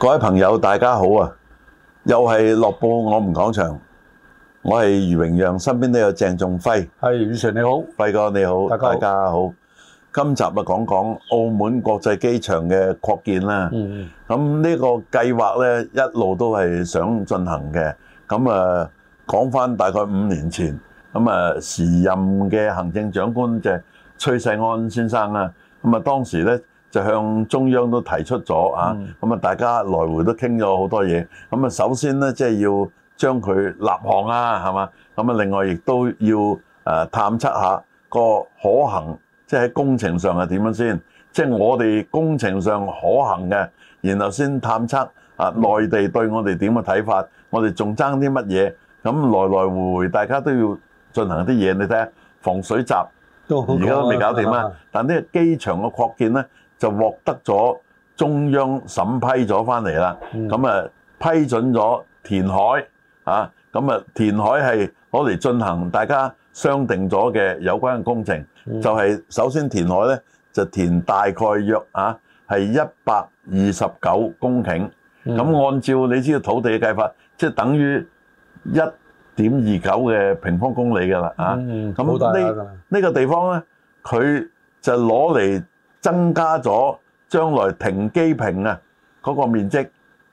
各位朋友，大家好啊！又係樂報，我哋講場，我係余榮讓，身邊都有鄭仲輝。係宇泉你好，輝哥你好，大家好。今集啊，講講澳門國際機場嘅擴建啦。嗯嗯。咁呢個計劃咧，一路都係想進行嘅。咁啊，講翻大概五年前，咁啊，時任嘅行政長官就係崔世安先生啦。咁啊，當時咧。就向中央都提出咗啊！咁、嗯、啊，大家來回都傾咗好多嘢。咁啊，首先呢，即係要將佢立項啊，係嘛？咁啊，另外亦都要誒探測下個可行，即係喺工程上係點樣先？即係我哋工程上可行嘅，然後先探測啊，嗯、內地對我哋點嘅睇法，我哋仲爭啲乜嘢？咁來來回回，大家都要進行啲嘢。你睇下防水閘，而家都未搞掂啊，啊！但呢個機場嘅擴建呢，就獲得咗中央審批咗翻嚟啦，咁啊批准咗填海啊，咁啊填海係攞嚟進行大家商定咗嘅有關嘅工程，就係首先填海咧就填大概約啊係一百二十九公頃，咁按照你知道土地嘅計法，即係等於一點二九嘅平方公里㗎啦啊，咁呢呢個地方咧佢就攞嚟。增加咗將來停機坪啊嗰個面積，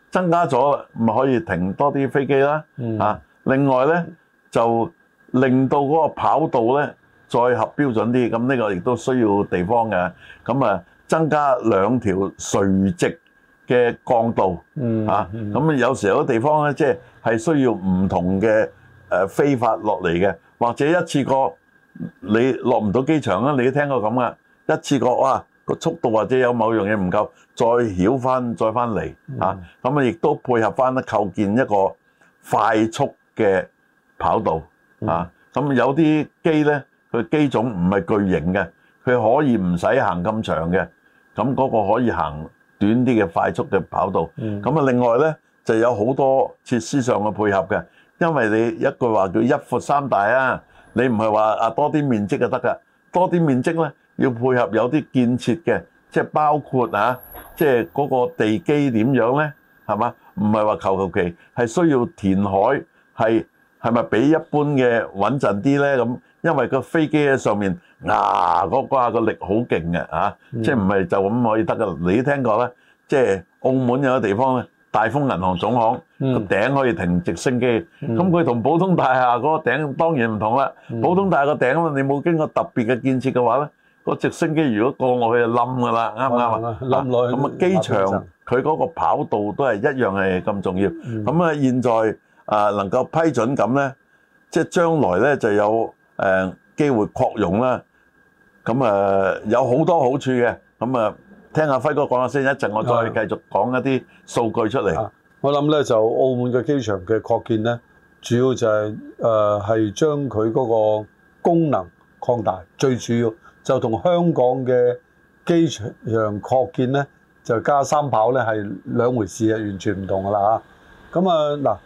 增加咗咪可以停多啲飛機啦、嗯啊。另外咧就令到嗰個跑道咧再合標準啲，咁呢個亦都需要地方嘅。咁啊，增加兩條垂直嘅降道。嗯。咁、嗯、有、啊、有時有地方咧，即係係需要唔同嘅誒飛法落嚟嘅，或者一次過你落唔到機場啦你都聽過咁噶，一次過哇、啊！個速度或者有某樣嘢唔夠，再繞翻再翻嚟咁，啊亦都配合翻咧，構建一個快速嘅跑道咁、嗯啊、有啲機咧，佢機種唔係巨型嘅，佢可以唔使行咁長嘅，咁、那、嗰個可以行短啲嘅快速嘅跑道。咁、嗯、啊，另外咧就有好多設施上嘅配合嘅，因為你一句話叫一闊三大啊，你唔係話啊多啲面積就得㗎，多啲面積咧。要配合有啲建設嘅，即係包括啊，即係嗰個地基點樣咧，係嘛？唔係話求求其，係需要填海，係係咪比一般嘅穩陣啲咧？咁因為個飛機喺上面，嗱嗰掛個力好勁嘅嚇，即係唔係就咁可以得㗎？你聽過咧？即係澳門有個地方咧，大豐銀行總行個頂可以停直升機，咁佢同普通大廈嗰個頂當然唔同啦。普通大廈個頂嘛，你冇經過特別嘅建設嘅話咧。個直升機如果過我去就冧㗎啦，啱唔啱啊？冧落去咁啊！機場佢嗰個跑道都係一樣係咁重要。咁啊，現在誒能夠批准咁咧，即係將來咧就有誒機會擴容啦。咁啊，有好多好處嘅。咁啊，聽阿輝哥講下先，一陣我再繼續講一啲數據出嚟。我諗咧就澳門嘅機場嘅擴建咧，主要就係誒係將佢嗰個功能。擴大最主要就同香港嘅機場上擴建咧，就加三跑咧係兩回事啊，完全唔同噶啦嚇。咁啊嗱、啊，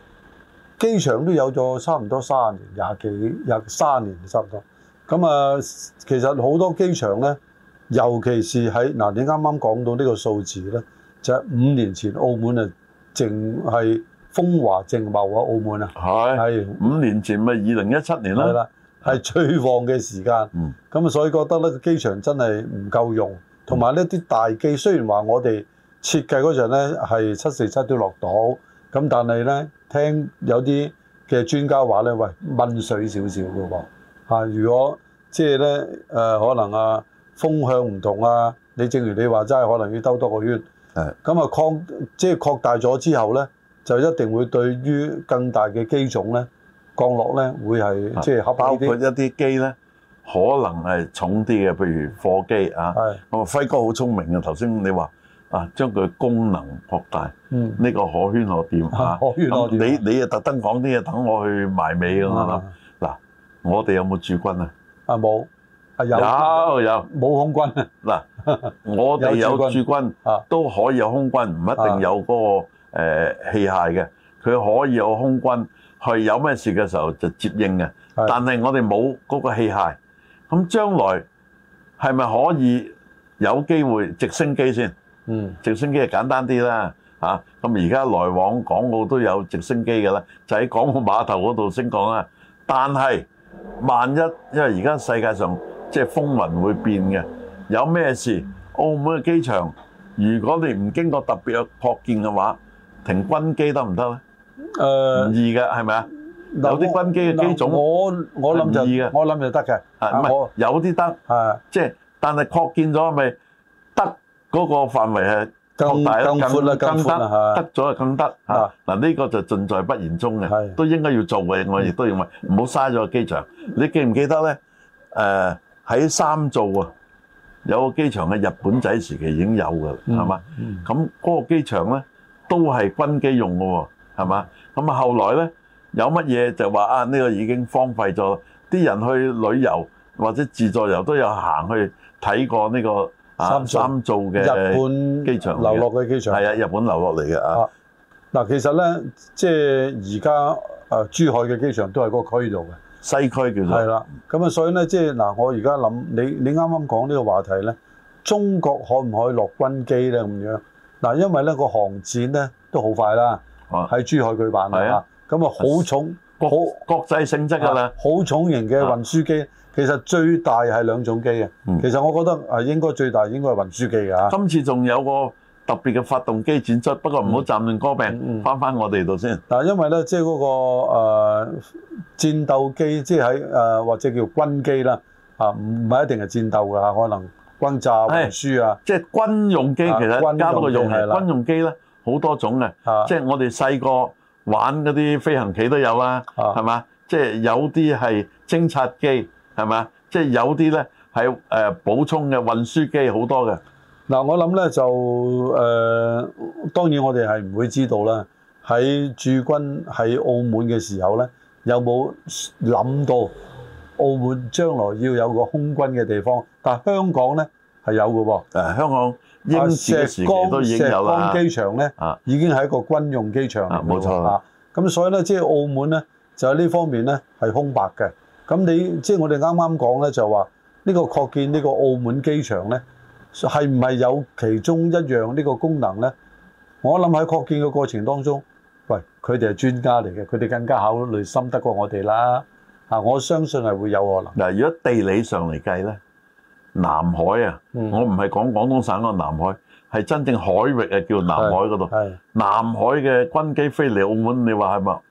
機場都有咗差唔多三十年，廿幾廿三年差唔多。咁啊，其實好多機場咧，尤其是喺嗱、啊，你啱啱講到呢個數字咧，就係、是、五年前澳門啊，淨係風華正茂啊，澳門啊，係係五年前咪二零一七年啦。係最旺嘅時間，咁、嗯、啊，所以覺得呢個機場真係唔夠用，同埋呢啲大機，雖然話我哋設計嗰陣呢係七四七都落到，咁但係呢，聽有啲嘅專家話呢，喂，濺水少少㗎喎，嚇，如果即係呢，誒、即係呃、可能啊風向唔同啊，你正如你話齋，可能要兜多個圈，咁啊擴即係、即係、擴大咗之後呢，就一定會對於更大嘅機種呢。降落咧會係即係包括一啲機咧，可能係重啲嘅，譬如貨機啊。係咁啊，輝哥好聰明啊！頭先你話啊，將佢功能擴大，呢個可圈可點啊？可圈可點。你你啊，特登講啲嘢等我去埋尾啊！我諗嗱，我哋有冇駐軍啊？啊冇，有有冇空軍啊？嗱，我哋有駐軍啊，都可以有空軍，唔一定有嗰個誒器械嘅，佢可以有空軍。係有咩事嘅時候就接應嘅，但係我哋冇嗰個器械，咁將來係咪可以有機會直升機先？嗯，直升機就簡單啲啦，嚇。咁而家來往港澳都有直升機嘅啦，就喺港澳碼頭嗰度升降啊。但係萬一因為而家世界上即係風雲會變嘅，有咩事，澳門嘅機場，如果你唔經過特別嘅擴建嘅話，停軍機得唔得咧？誒，唔易嘅，係咪啊？有啲軍機嘅機種，我我諗就唔易嘅，我諗就得嘅。啊，唔係有啲得，係即係，但係擴建咗咪得嗰個範圍係更大啦，更闊啦，更得吓。得咗啊，更得吓。嗱，呢個就盡在不言中嘅，都應該要做嘅。我亦都認為唔好嘥咗個機場。你記唔記得咧？誒，喺三灶啊，有個機場喺日本仔時期已經有嘅，係嘛？咁嗰個機場咧都係軍機用嘅喎。係嘛？咁、嗯、啊，後來咧有乜嘢就話啊？呢、呢個已經荒廢咗，啲人去旅遊或者自助遊都有行去睇過呢、呢個、啊、三三造嘅日本流落嘅機場。係啊，日本流落嚟嘅啊。嗱，其實咧，即係而家啊，珠海嘅機場都係嗰區度嘅西區，其實係啦。咁、即係、啊，所以咧，即係嗱，我而家諗你，你啱啱講呢個話題咧，中國可唔可以落軍機咧？咁樣嗱、啊，因為咧、嗰個航展咧都好快啦。喺珠海舉辦啊，咁啊好重國國際性質㗎啦，好重型嘅運輸機、啊，其實最大係兩種機、嗯、其實我覺得係應該最大應該係運輸機㗎。今、嗯、次仲有個特別嘅發動機展出，不過唔好暫定個名。翻、嗯、翻我哋度先。但因為咧，即係嗰個誒、呃、戰鬥機，即係喺誒或者叫軍機啦，啊唔係一定係戰鬥㗎，可能轟炸、運輸啊，即係、就是、軍用機，啊、其實加多個用係軍用機咧。好多種嘅，即係我哋細個玩嗰啲飛行棋都有啦，係嘛？即係有啲係偵察機，係嘛？即係有啲咧係誒補充嘅運輸機好多嘅。嗱、啊，我諗咧就誒、呃、當然我哋係唔會知道啦。喺駐軍喺澳門嘅時候咧，有冇諗到澳門將來要有個空軍嘅地方？但係香港咧？係有嘅喎，誒香港英治時期都已經有啦。石崗機場咧，已經係一個軍用機場，冇錯啦。咁所以咧，即係澳門咧，就喺呢方面咧係空白嘅。咁你即係我哋啱啱講咧，就話呢個擴建呢個澳門機場咧，係唔係有其中一樣呢個功能咧？我諗喺擴建嘅過程當中，喂，佢哋係專家嚟嘅，佢哋更加考慮深得過我哋啦。啊，我相信係會有可能。嗱，如果地理上嚟計咧？南海啊，我唔係講廣東省嗰個南海，係真正海域啊，叫南海嗰度。係南海嘅軍機飛嚟澳門，你話係咪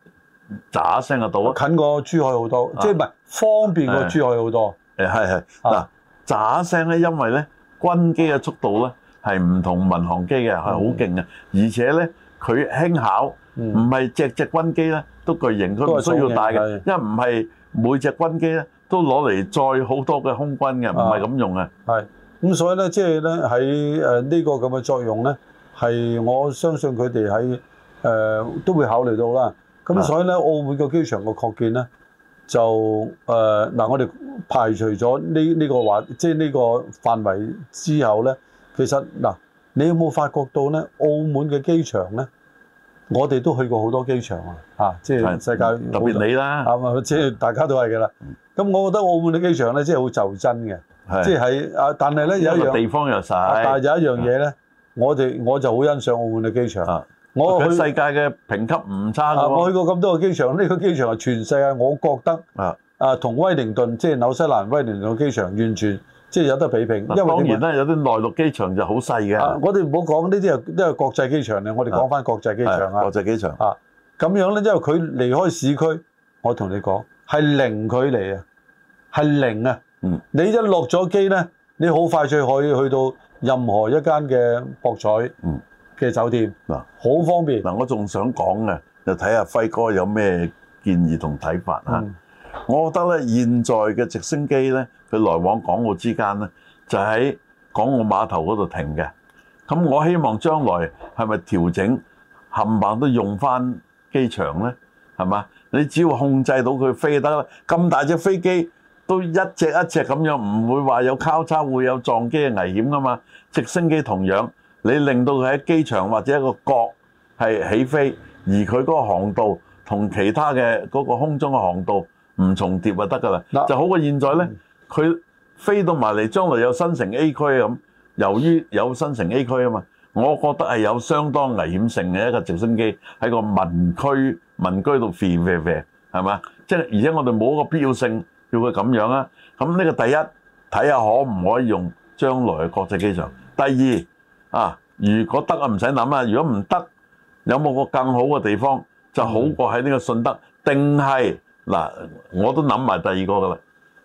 喳聲就到啊？近過珠海好多，即係唔係方便過珠海好多？誒係係嗱，喳聲咧，因為咧軍機嘅速度咧係唔同民航機嘅，係好勁嘅，而且咧佢輕巧，唔係隻隻軍機咧都巨型，佢唔需要大嘅，因為唔係每隻軍機咧。都攞嚟載好多嘅空軍嘅，唔係咁用嘅。係，咁所以咧，即係咧喺呃呢個咁嘅作用咧，係我相信佢哋喺呃都會考慮到啦。咁所以咧，澳門個機場個擴建咧，就呃嗱，我哋排除咗呢呢個話，即係呢個範圍之後咧，其實嗱，你有冇發覺到咧，澳門嘅機場咧，我哋都去過好多機場啊，嚇，即係世界特別你啦，啊嘛，即係大家都係嘅啦。咁我覺得澳門嘅機場咧，即係好就真嘅，即係啊！但係咧有一樣地方又晒，但係有一樣嘢咧，我哋我就好欣賞澳門嘅機場。的我去世界嘅評級唔差，啊、我去過咁多個機場，呢、呢個機場係全世界，我覺得啊啊，同威靈頓即係、就是、紐西蘭威靈頓機場完全即係、就是、有得比拼。因為當然咧，有啲內陸機場就好細嘅。我哋唔好講呢啲，因為國際機場咧，我哋講翻國際機場啊。國際機場，國際機場啊，咁樣咧，因為佢離開市區，我同你講係零距離啊。係零啊！你一落咗機呢，你好快就可以去到任何一間嘅博彩嘅酒店、嗯，好、嗯、方便、嗯。嗱，我仲想講嘅就睇下輝哥有咩建議同睇法嚇、啊嗯。我覺得呢現在嘅直升機呢，佢來往港澳之間呢，就喺港澳碼頭嗰度停嘅。咁我希望將來係咪調整冚唪都用翻機場呢？係嘛？你只要控制到佢飛就得啦，咁大隻飛機。都一隻一隻咁樣，唔會話有交叉，會有撞機嘅危險噶嘛？直升機同樣，你令到佢喺機場或者一個角係起飛，而佢嗰個航道同其他嘅嗰個空中嘅航道唔重疊就得噶啦，就好過現在呢，佢飛到埋嚟，將來有新城 A 區咁，由於有新城 A 區啊嘛，我覺得係有相當危險性嘅一個直升機喺個民區民居度飛飛飛，係嘛？即係而且我哋冇一個必要性。要佢咁樣啊！咁呢個第一睇下可唔可以用將來嘅國際機場。第二啊，如果得啊唔使諗啊，如果唔得，有冇個更好嘅地方，就好過喺呢個順德。定係嗱，我都諗埋第二個㗎啦，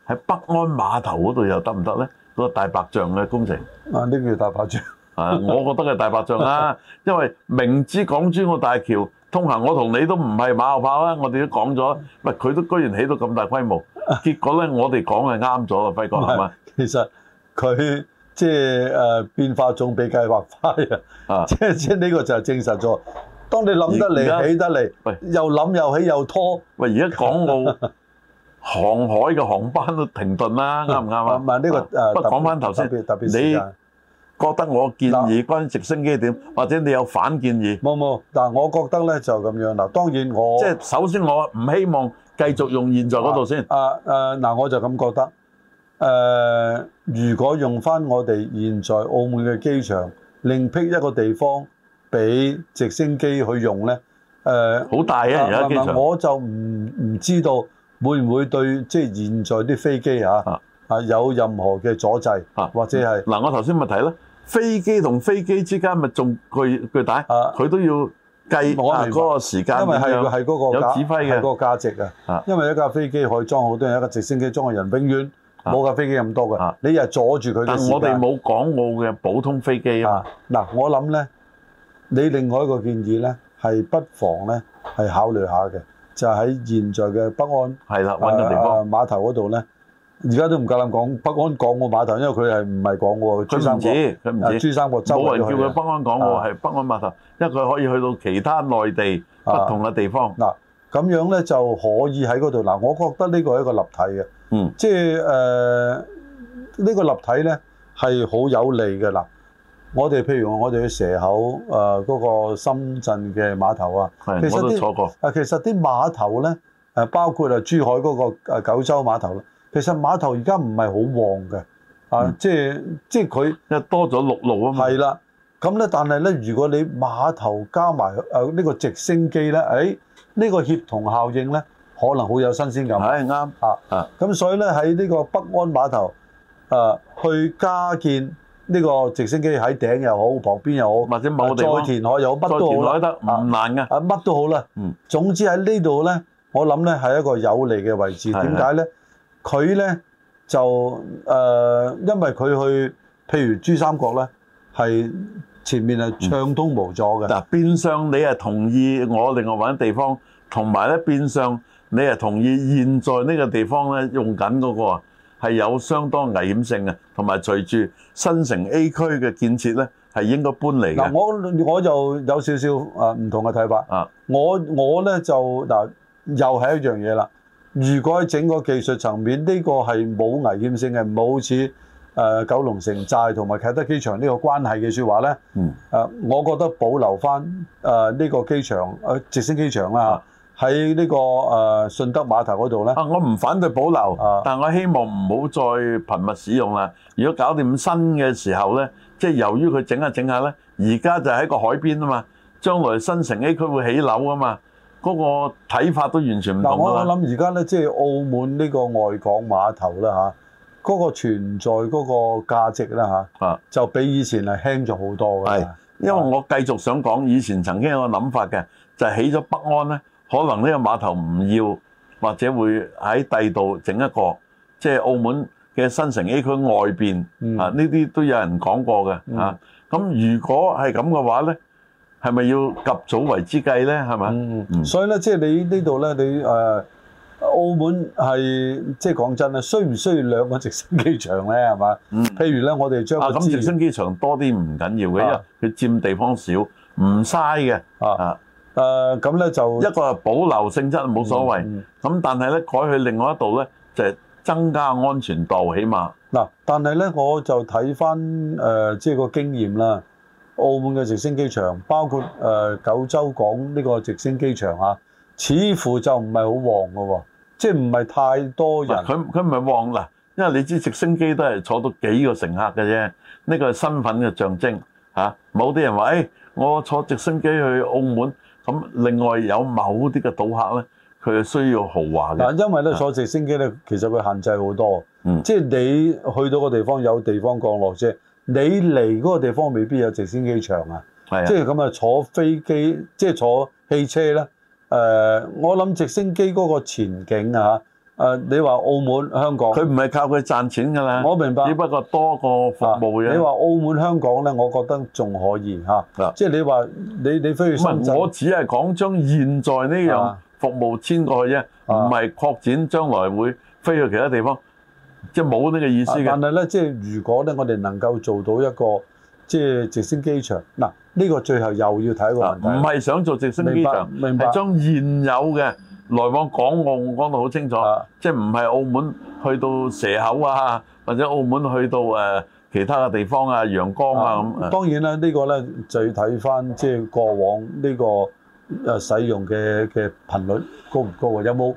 喺北安碼頭嗰度又得唔得咧？嗰個大白象嘅工程啊，呢個大白象啊，我覺得係大白象啦，因為明知港珠澳大橋。通行我你都唔係馬，我同你都唔係馬後炮啦，我哋都講咗，喂，佢都居然起到咁大規模，結果咧我哋講係啱咗啊，輝哥係嘛？其實佢即係誒變化仲比計劃快啊！即係即係呢個就係證實咗，當你諗得嚟起得嚟，又諗又起又拖。喂！而家港澳、啊、航海嘅航班都停頓啦，啱唔啱啊？唔係呢個誒，不講翻頭先，特別特別覺得我建議關於直升機點、啊，或者你有反建議？冇冇，嗱、啊，我覺得咧就咁樣啦。當然我即係首先我唔希望繼續用現在嗰度先。啊啊，嗱、啊啊，我就咁覺得。誒、啊，如果用翻我哋現在澳門嘅機場，另辟一個地方俾直升機去用咧，誒、啊、好大啊！而家、啊啊、我就唔唔知道會唔會對即係、就是、現在啲飛機嚇啊,啊,啊有任何嘅阻滯、啊，或者係嗱、啊啊，我頭先咪提咧。飛機同飛機之間咪仲巨巨大，佢、啊、都要計嗰、啊那個時間，因為係個係嗰個有指揮嘅嗰個價值啊價值。因為一架飛機可以裝好多人、啊，一架直升機裝嘅人永遠冇、啊、架飛機咁多嘅、啊。你又阻住佢。但係我哋冇港澳嘅普通飛機啊。嗱、啊，我諗咧，你另外一個建議咧係不妨咧係考慮下嘅，就喺、是、現在嘅北岸係啦，揾、啊、個地方、啊、碼頭嗰度咧。而家都唔夠膽講北安港澳碼頭，因為佢係唔係港喎？佢唔止，佢唔止珠三角周圍叫佢北安港澳喎，係、啊、北安碼頭，因為佢可以去到其他內地、啊、不同嘅地方。嗱、啊，咁樣咧就可以喺嗰度。嗱，我覺得呢個係一個立體嘅，嗯，即係呢、呃呢個立體咧係好有利嘅。嗱，我哋譬如我哋去蛇口誒嗰、呃嗰個深圳嘅碼頭啊，其實啲啊，其實啲碼頭咧包括啊珠海嗰個九州碼頭啦。其實碼頭而家唔係好旺嘅、嗯，啊，即係即係佢又多咗陸路啊嘛。係啦，咁咧，但係咧，如果你碼頭加埋呢、啊呢個直升機咧，誒、哎、呢、呢個協同效應咧，可能好有新鮮感。啱啊啊！咁、啊啊、所以咧喺呢個北安碼頭、啊、去加建呢個直升機喺頂又好，旁邊又好，或者某地、啊、再填海有乜、啊啊啊、都好得唔難嘅啊乜都好啦。嗯，總之喺呢度咧，我諗咧係一個有利嘅位置。點解咧？佢咧就誒、呃，因為佢去譬如珠三角咧，係前面係暢通無阻嘅。嗱、嗯，變、嗯、相你係同意我另外搵地方，同埋咧變相你係同意現在呢個地方咧用緊嗰、那個係有相當危險性嘅，同埋隨住新城 A 區嘅建設咧，係應該搬嚟嘅、嗯。我我就有少少誒唔同嘅睇法。啊，我我咧就嗱、嗯，又係一樣嘢啦。如果喺整個技術層面呢、呢個係冇危險性嘅，冇好似誒九龍城寨同埋啟德機場呢個關係嘅説話呢誒，嗯、我覺得保留翻誒呢個機場直升機場啦，喺呢個誒信德碼頭嗰度呢我唔反對保留，啊、但我希望唔好再頻密使用啦。如果搞掂新嘅時候呢，即係由於佢整下整下呢，而家就喺個海邊啊嘛，將來新城 A 區會起樓啊嘛。嗰個睇法都完全唔同啦。我諗而家咧，即係澳門呢個外港碼頭啦嚇，嗰個存在嗰個價值啦嚇，就比以前係輕咗好多㗎。係，因為我繼續想講，以前曾經有個諗法嘅，就係起咗北安咧，可能呢個碼頭唔要，或者會喺第度整一個，即係澳門嘅新城 A 區外邊啊，呢啲都有人講過嘅啊。咁如果係咁嘅話咧？係咪要及早為之計咧？係嘛、嗯嗯？所以咧，即係你呢度咧，你誒、呃、澳門係即係講真啦，需唔需要兩個直升機場咧？係嘛、嗯？譬如咧，我哋將咁直升機場多啲唔緊要嘅、啊，因為佢佔地方少，唔嘥嘅啊。誒咁咧就一個係保留性質冇所謂，咁、嗯嗯嗯嗯、但係咧改去另外一度咧就係、增加安全度，起碼嗱、啊。但係咧我就睇翻誒即係個經驗啦。澳門嘅直升機場，包括誒、呃、九州港呢個直升機場啊，似乎就唔係好旺嘅喎，即係唔係太多人。佢佢唔係旺嗱，因為你知直升機都係坐到幾個乘客嘅啫，呢、呢個係身份嘅象徵、啊、某啲人話，誒、欸，我坐直升機去澳門，咁另外有某啲嘅賭客咧，佢係需要豪華嘅。但，因為咧坐直升機咧、啊，其實佢限制好多，嗯、即係你去到個地方有地方降落啫。你嚟嗰個地方未必有直升機場啊，即係咁啊，坐飛機即係、就是、坐汽車啦。誒、呃，我諗直升機嗰個前景啊，誒、呃，你話澳門、香港，佢唔係靠佢賺錢㗎啦。我明白，只不過多個服務啫、啊。你話澳門、香港咧，我覺得仲可以嚇。即、啊、係、啊、你話你你飛去深圳，不是我只係講將現在呢樣服務遷過去啫，唔係擴展將來會飛去其他地方。即係冇呢個意思嘅。但係咧，即係如果咧，我哋能夠做到一個即係直升機場嗱，呢、這個最後又要睇一唔係想做直升機場，明白，係將現有嘅來往港澳，我講到好清楚，啊、即係唔係澳門去到蛇口啊，或者澳門去到誒其他嘅地方啊、陽江啊咁、啊。當然啦，呢、這個咧就要睇翻即係過往呢個誒使用嘅嘅頻率高唔高啊？有冇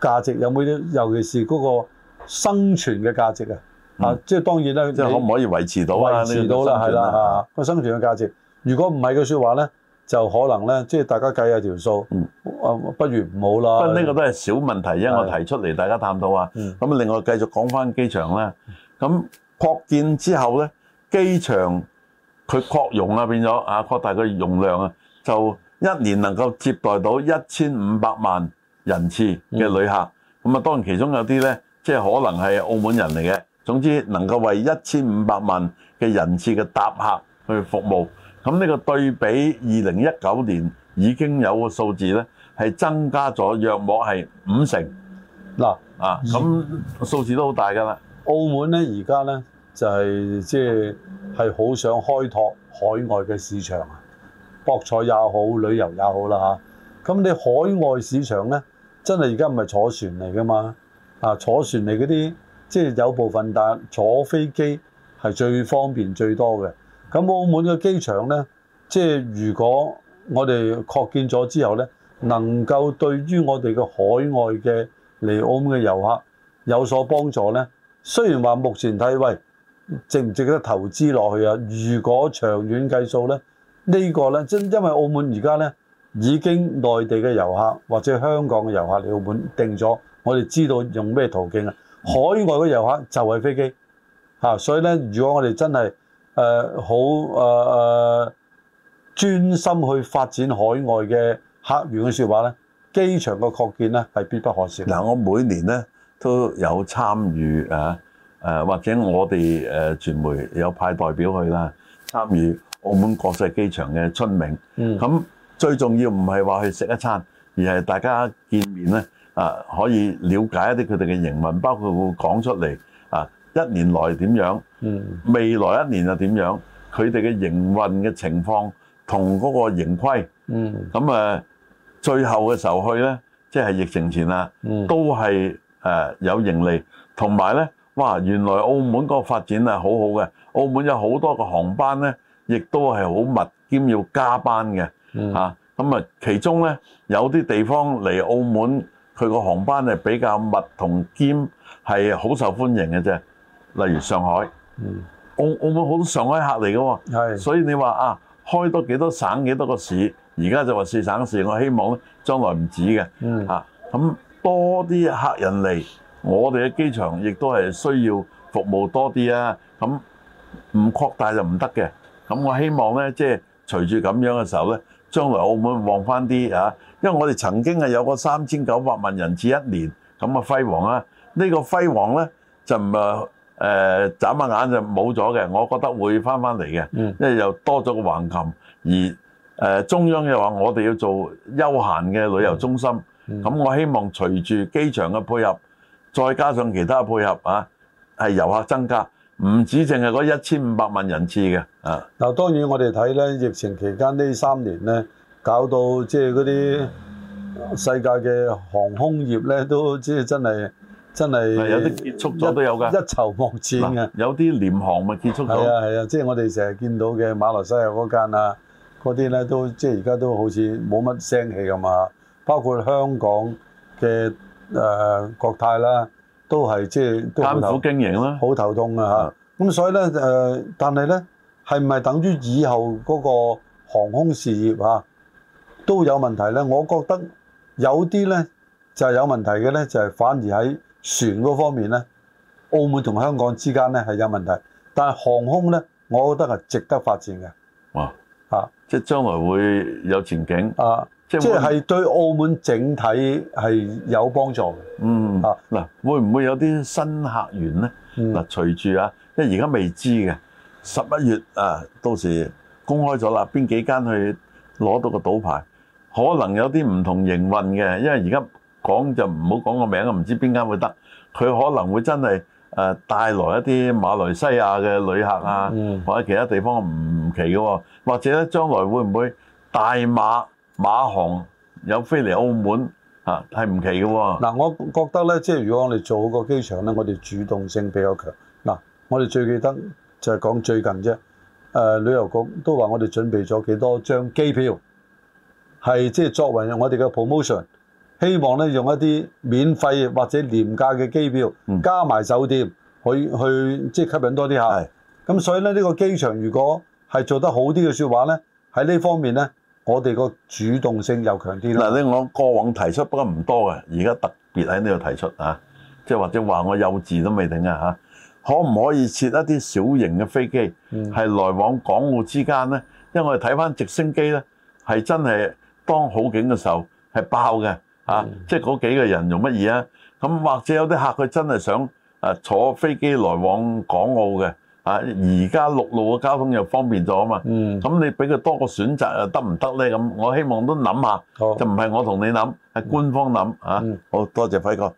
價值？有冇啲尤其是嗰、那個？生存嘅價值啊、嗯！啊，即係當然啦，即係可唔可以維持到啊？維持到啦，係啦嚇個生存嘅、啊、價值。如果唔係嘅説話咧，就可能咧，即係大家計下條數、嗯，啊，不如唔好啦。咁呢個都係小問題，因為我提出嚟大家探討啊。咁、嗯、另外繼續講翻機場咧，咁擴建之後咧，機場佢擴容了了啊，變咗啊，擴大個容量啊，就一年能夠接待到一千五百萬人次嘅旅客。咁、嗯、啊，當然其中有啲咧。即係可能係澳門人嚟嘅，總之能夠為一千五百萬嘅人次嘅搭客去服務，咁呢個對比二零一九年已經有個數字呢，係增加咗約莫係五成嗱啊，咁數字都好大㗎喇。澳門呢，而家呢，就係即係好想開拓海外嘅市場啊，博彩也好，旅遊也好啦嚇。咁你海外市場呢，真係而家唔係坐船嚟㗎嘛？啊！坐船嚟嗰啲，即係有部分，但坐飛機係最方便最多嘅。咁澳門嘅機場呢，即係如果我哋擴建咗之後呢，能夠對於我哋嘅海外嘅嚟澳門嘅遊客有所幫助呢。雖然話目前睇，喂，值唔值得投資落去啊？如果長遠計數呢，呢個呢，即因為澳門而家呢已經內地嘅遊客或者香港嘅遊客嚟澳門定咗。我哋知道用咩途徑啊？海外嘅遊客就係飛機，嚇！所以咧，如果我哋真係誒好誒誒專心去發展海外嘅客源嘅説話咧，機場嘅擴建咧係必不可少。嗱，我每年咧都有參與啊誒，或者我哋誒傳媒有派代表去啦，參與澳門國際機場嘅春茗。嗯。咁最重要唔係話去食一餐，而係大家見面咧。啊，可以瞭解一啲佢哋嘅營運，包括會講出嚟啊，一年來點樣？嗯，未來一年又點樣？佢哋嘅營運嘅情況同嗰個盈虧，嗯，咁誒最後嘅時候去咧，即係疫情前啊，都係誒有盈利，同埋咧，哇，原來澳門嗰個發展係好好嘅，澳門有好多個航班咧，亦都係好密兼要加班嘅，嚇，咁啊，其中咧有啲地方嚟澳門。佢個航班係比較密同兼係好受歡迎嘅啫，例如上海。澳澳門好多上海客嚟嘅喎，所以你話啊，開多幾多省幾多個市，而家就話四省市，我希望咧將來唔止嘅。嚇，嗯，啊，咁多啲客人嚟，我哋嘅機場亦都係需要服務多啲啊！咁唔擴大就唔得嘅。咁我希望咧，即係隨住咁樣嘅時候咧，將來澳門望翻啲啊。因為我哋曾經有個三千九百萬人次一年咁啊輝煌啊，呢、這個輝煌呢，就唔係啊、呃、眨下眼就冇咗嘅，我覺得會翻翻嚟嘅，因為又多咗個橫琴，而誒、呃、中央又話，我哋要做休閒嘅旅遊中心，咁我希望隨住機場嘅配合，再加上其他配合啊，係遊客增加，唔止淨係嗰一千五百萬人次嘅啊。嗱，當然我哋睇呢疫情期間呢三年呢。搞到即係嗰啲世界嘅航空業咧，都即係真係真係一，有啲結束咗都有㗎，一,一籌莫展啊！有啲廉航咪結束咗，係啊係啊！即係、啊就是、我哋成日見到嘅馬來西亞嗰間啊，嗰啲咧都即係而家都好似冇乜聲氣咁啊！包括香港嘅誒、呃、國泰啦，都係即係艱苦經營啦，好頭痛啊！咁所以咧誒、呃，但係咧係唔係等於以後嗰個航空事業啊？都有問題咧，我覺得有啲咧就係有問題嘅咧，就係反而喺船嗰方面咧，澳門同香港之間咧係有問題。但係航空咧，我覺得係值得發展嘅。哇！啊，即係將來會有前景。啊，即係係對澳門整體係有幫助嘅。嗯啊，嗱，會唔會有啲新客源咧？嗱、嗯，隨住啊，因為而家未知嘅十一月啊，到時公開咗啦，邊幾間去攞到個賭牌？可能有啲唔同營運嘅，因為而家講就唔好講個名啊，唔知邊間會得。佢可能會真係誒帶來一啲馬來西亞嘅旅客啊、嗯，或者其他地方唔奇嘅喎、哦。或者將來會唔會大馬馬航有飛嚟澳門啊？係唔奇嘅喎、哦。嗱、嗯，我覺得呢，即係如果我哋做好個機場呢，我哋主動性比較強。嗱、嗯，我哋最記得就係講最近啫。誒、呃，旅遊局都話我哋準備咗幾多張機票。係即係作為我哋嘅 promotion，希望咧用一啲免費或者廉價嘅機票，嗯、加埋酒店，去去即係、就是、吸引多啲客。係咁所以咧呢、這個機場如果係做得好啲嘅説話咧，喺呢方面咧，我哋個主動性又強啲嗱，你我過往提出不不多，不過唔多嘅，而家特別喺呢度提出嚇、啊，即係或者話我幼稚都未定啊嚇，可唔可以設一啲小型嘅飛機係、嗯、來往港澳之間咧？因為我哋睇翻直升機咧，係真係～當好景嘅時候係爆嘅嚇、嗯啊，即係嗰幾個人用乜嘢啊？咁或者有啲客佢真係想誒坐飛機來往港澳嘅嚇，而家陸路嘅交通又方便咗啊嘛。咁、嗯啊、你俾佢多個選擇得唔得咧？咁我希望都諗下，就唔係我同你諗，係、嗯、官方諗嚇、啊。好多謝輝哥。